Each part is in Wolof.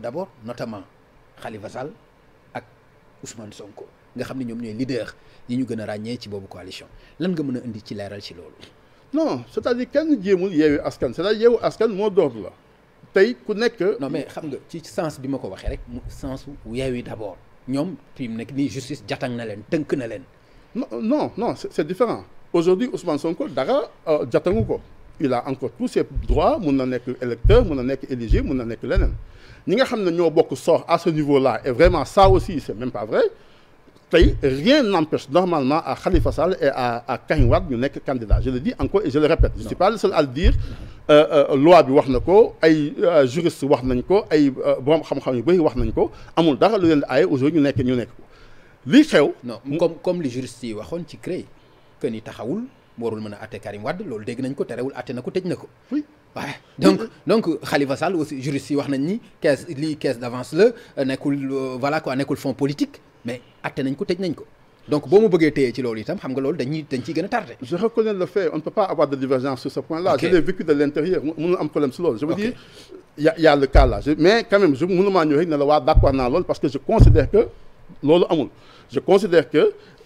d' abord notamment Khalifa Sall ak Ousmane Sonko nga xam ne ñoom ñooy leader yi ñu gën a ràññee ci boobu coalition lan nga mën a indi ci leeral ci loolu. no c' est à dire kenn jéemul yeewi askan c' est à dire yeewu askan moo door la tey ku nekk. no mais xam nga ci sens bi ma ko waxee rek mu sens wu yeewi d' abord ñoom fi mu nekk nii justice jatang na leen tënk na leen. no non non c' est différent aujourd'hui Ousmane Sonko dara euh, jatangu ko. il a encore tous ses droits mun na nekk électeur mun na nekk éligible mun na nekk leneen ñi nga xam ne ñoo bokk sort à ce niveau là et vraiment ça aussi c'est même pas vrai tey rien n'empêche normalement à Khalifa Sall et à à Karim ñu nekk candidat je le di encore et je le répète je suis pas le seul à le dire euh, euh, loi bi wax na ko ay euh, juriste wax nañ ko ay borom xam-xam yu bëri wax nañ ko amul dara lu leen di aaye aujourd'hui ñu nekk ñu nekk ko li xew non comme comme les yi waxoon ci CREI que ni taxawul warul mën a atte Karim Wade loolu dégg nañ ko terewul atte na ko tëj na ko waaye donc donc Khalifa Sall aussi juriste wax nañ ni caisse d'avance la nekkul euh, voilà quoi nekkul fonds politique mais atte nañ ko tëj nañ ko donc boo ma bëggee téye ci loolu itam xam nga loolu dañ ciy gën a tardé je reconnais le fait on ne peut pas avoir de divergence sur ce point là je l'ai vécu de l'intérieur mënul am problème si loolu je veux dire y le cas là mais quand même je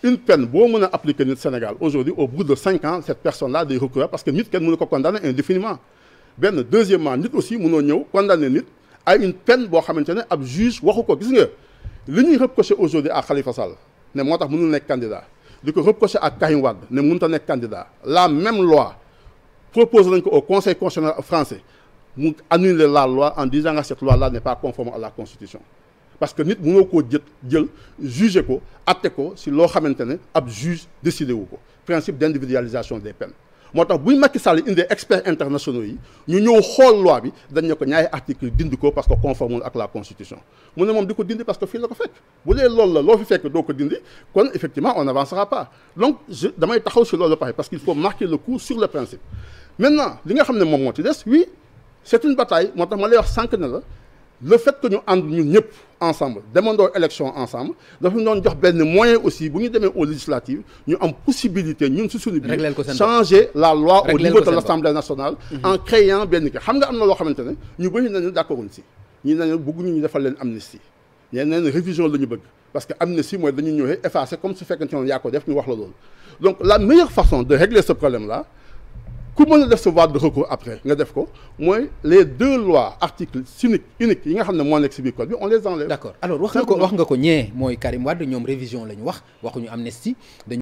une pen boo mën a appliquer nit Sénégal aujourd'hui au bout de cinq ans cette personne là day recourir parce que nit kenn mënu ko condamner indéfiniment benn deuxièmement nit aussi mënoo ñëw condamner nit ay une peine boo xamante ne ab juge waxu ko gis nga li ñuy reproché aujourd'hui à Khalifa Sall ne moo tax mënul nekk candidat di ko reproché à Karim Wade ne mënut a nekk candidat la même loi propose nañ ko au conseil constitutionnel français mu annuler la loi en disant que cette la constitution parce que nit mënoo koo jët jël juger ko atte ko si loo xamante ne ab juge décidé wu ko principe d' individualisation des peines moo tax buñ Macky Sall indee experts internationaux yi ñu ñëw xool loi bi dañ ne ko ñaari article dindi ko parce que conforme ak la constitution mu ne moom di ko dindi parce que fii la ko fekk bu dee loolu la loo fi fekk doo ko dindi kon effectivement on n'avancera pas donc je damay taxaw si loolu pare parce qu'il faut marquer le coup sur le nga xam ne moom moo ci des oui c'est une bataille moo tax ma wax sànq ne la le fait que ñu ànd ñun ñëpp ensemble demandoo élection ensemble dafa ñu jox benn moyen aussi bu ñu demee aux législatives ñu am possibilité ñun si suñu biir changer la loi au niveau de l'Assemblée nationale mm-hmm. en créant benn kii xam nga am na loo xamante ne ñu bëri nañu d'accorduñ si ñi nañu bëgguñu ñu defal leen amnistie ñee neen révision la ñu bëgg parce que amnistie mooy dañu ñëwee effacer comme su fekkante noonu yaa ko def ñu wax la loolu donc la meilleure façon ku mën na def sa voie de recours après nga def ko mooy les deux lois articles uniques uniques yi nga xam ne moo nekk bi on les enlève. d'accord alors wax nga ko wax nga ko ñee mooy Karim Wade ñoom révision la wax waxuñu amnistie dañu